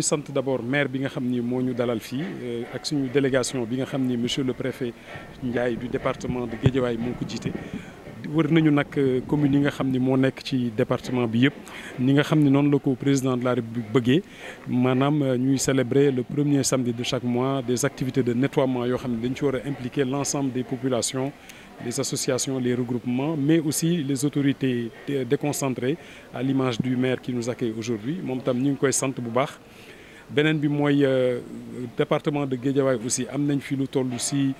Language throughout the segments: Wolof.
Je sant d'abord maire bi nga xamni mo ñu dalal euh, ak suñu délégation bi nga monsieur le préfet Ndiaye du département de Guédiaway moo ko jité wër nañu euh, commune yi nga xamni ci département bi yépp ñi nga xamni non la ko président de la république bëggé nous euh, ñuy célébrer le premier samedi de chaque mois des activités de nettoiement yo xamni impliqué dañ ci impliquer l'ensemble des populations les associations, les regroupements, mais aussi les autorités déconcentrées, à l'image du maire qui nous accueille aujourd'hui. moom tam ñu koy bu bi euh, département de Guédiawaye aussi am nañ fi lu toll si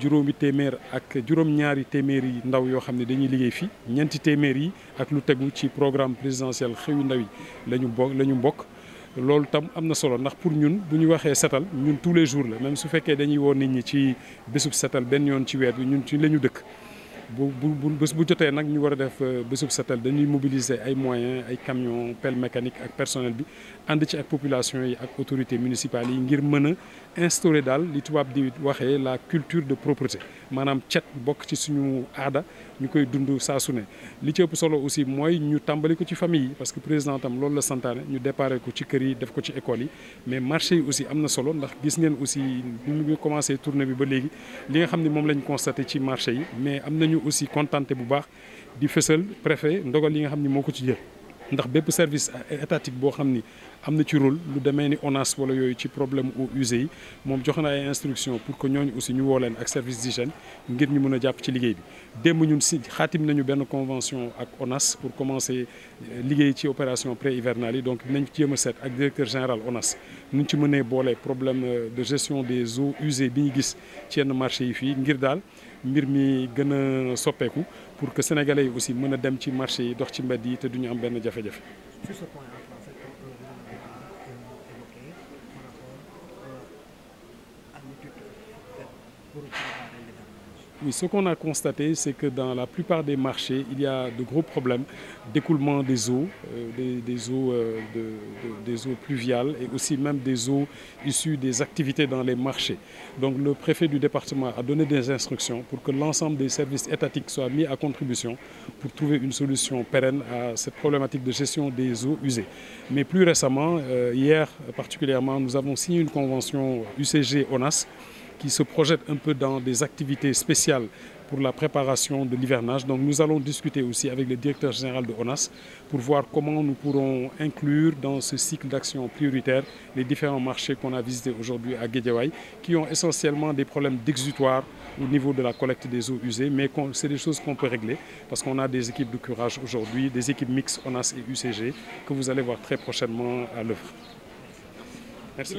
juróomi téeméer ak juróom-ñaari téeméer ndaw yo xam dañuy liggéey fi ñenti téeméer ak lu ci programme présidentiel xewu ndaw lañu bok lañu loolu tam am na solo tous les jours même su fekkee dañuy woo nit ñi ci setal benn yoon ci mobiliser moyens ay camions pelle mécanique ak personnel bi ànd ci ak population yi autorités municipales yi ngir instaurer la culture de propreté manam cet bok ci suñu aada ñu koy sa suné li ci ëpp solo aussi moy ñu tàmbali ko ci famille parce que président tam loolu la santaane ñu déparé ko ci kër yi def ko ci école yi mais marché yi aussi amna solo ndax gis ngeen aussi ñu ngi commencé tourner bi ba légui li nga xamni mom moom lañ constaté ci marché yi mais amna ñu aussi contenté bu baax di fessel préfet ndogal li nga xamni moko ci jël ndax bépp service euh, étatique boo xam ni am na ci rôle lu demee ni ONAS wala yooyu ci problème eaux usées yi moom jox ay instruction pour que ñooñu aussi ñu woo leen ak service d'hygiène ngir ñu mën a jàpp ci liggéey bi démb ñun si xaatim nañu benn convention ak ONAS pour commencer euh, liggéey ci opération pré hivernale yi donc nañ jéem a seet ak directeur général ONAS nu ñu ci mënee boolee problème euh, de gestion des eaux usées bi ñu gis ci yenn marché yi fii ngir daal mbir mi gën a soppeeku pour que sénégalais yi aussi mën a dem ci marché yi dox ci mbedd yi te duñu am benn jafe-jafe. Oui, ce qu'on a constaté, c'est que dans la plupart des marchés, il y a de gros problèmes d'écoulement des eaux, euh, euh, des, eaux pluviales et aussi même des eaux issues des activités dans les marchés. Donc le préfet du département a donné des instructions pour que l'ensemble des services étatiques soient mis à contribution pour trouver une solution pérenne à cette problématique de gestion des eaux usées. Mais plus récemment, euh, hier particulièrement, nous avons signé une convention UCG-ONAS qui se projette un peu dans des activités spéciales pour la préparation de l'hivernage. Donc nous allons discuter aussi avec le directeur général de ONAS pour voir comment nous pourrons inclure dans ce cycle d'action prioritaire les différents marchés qu'on a visités aujourd'hui à Guédiawaï, qui ont essentiellement des problèmes d'exutoire au niveau de la collecte des eaux usées, mais c'est des choses qu'on peut régler parce qu'on a des équipes de curage aujourd'hui, des équipes mixtes ONAS et UCG que vous allez voir très prochainement à l'œuvre. Merci.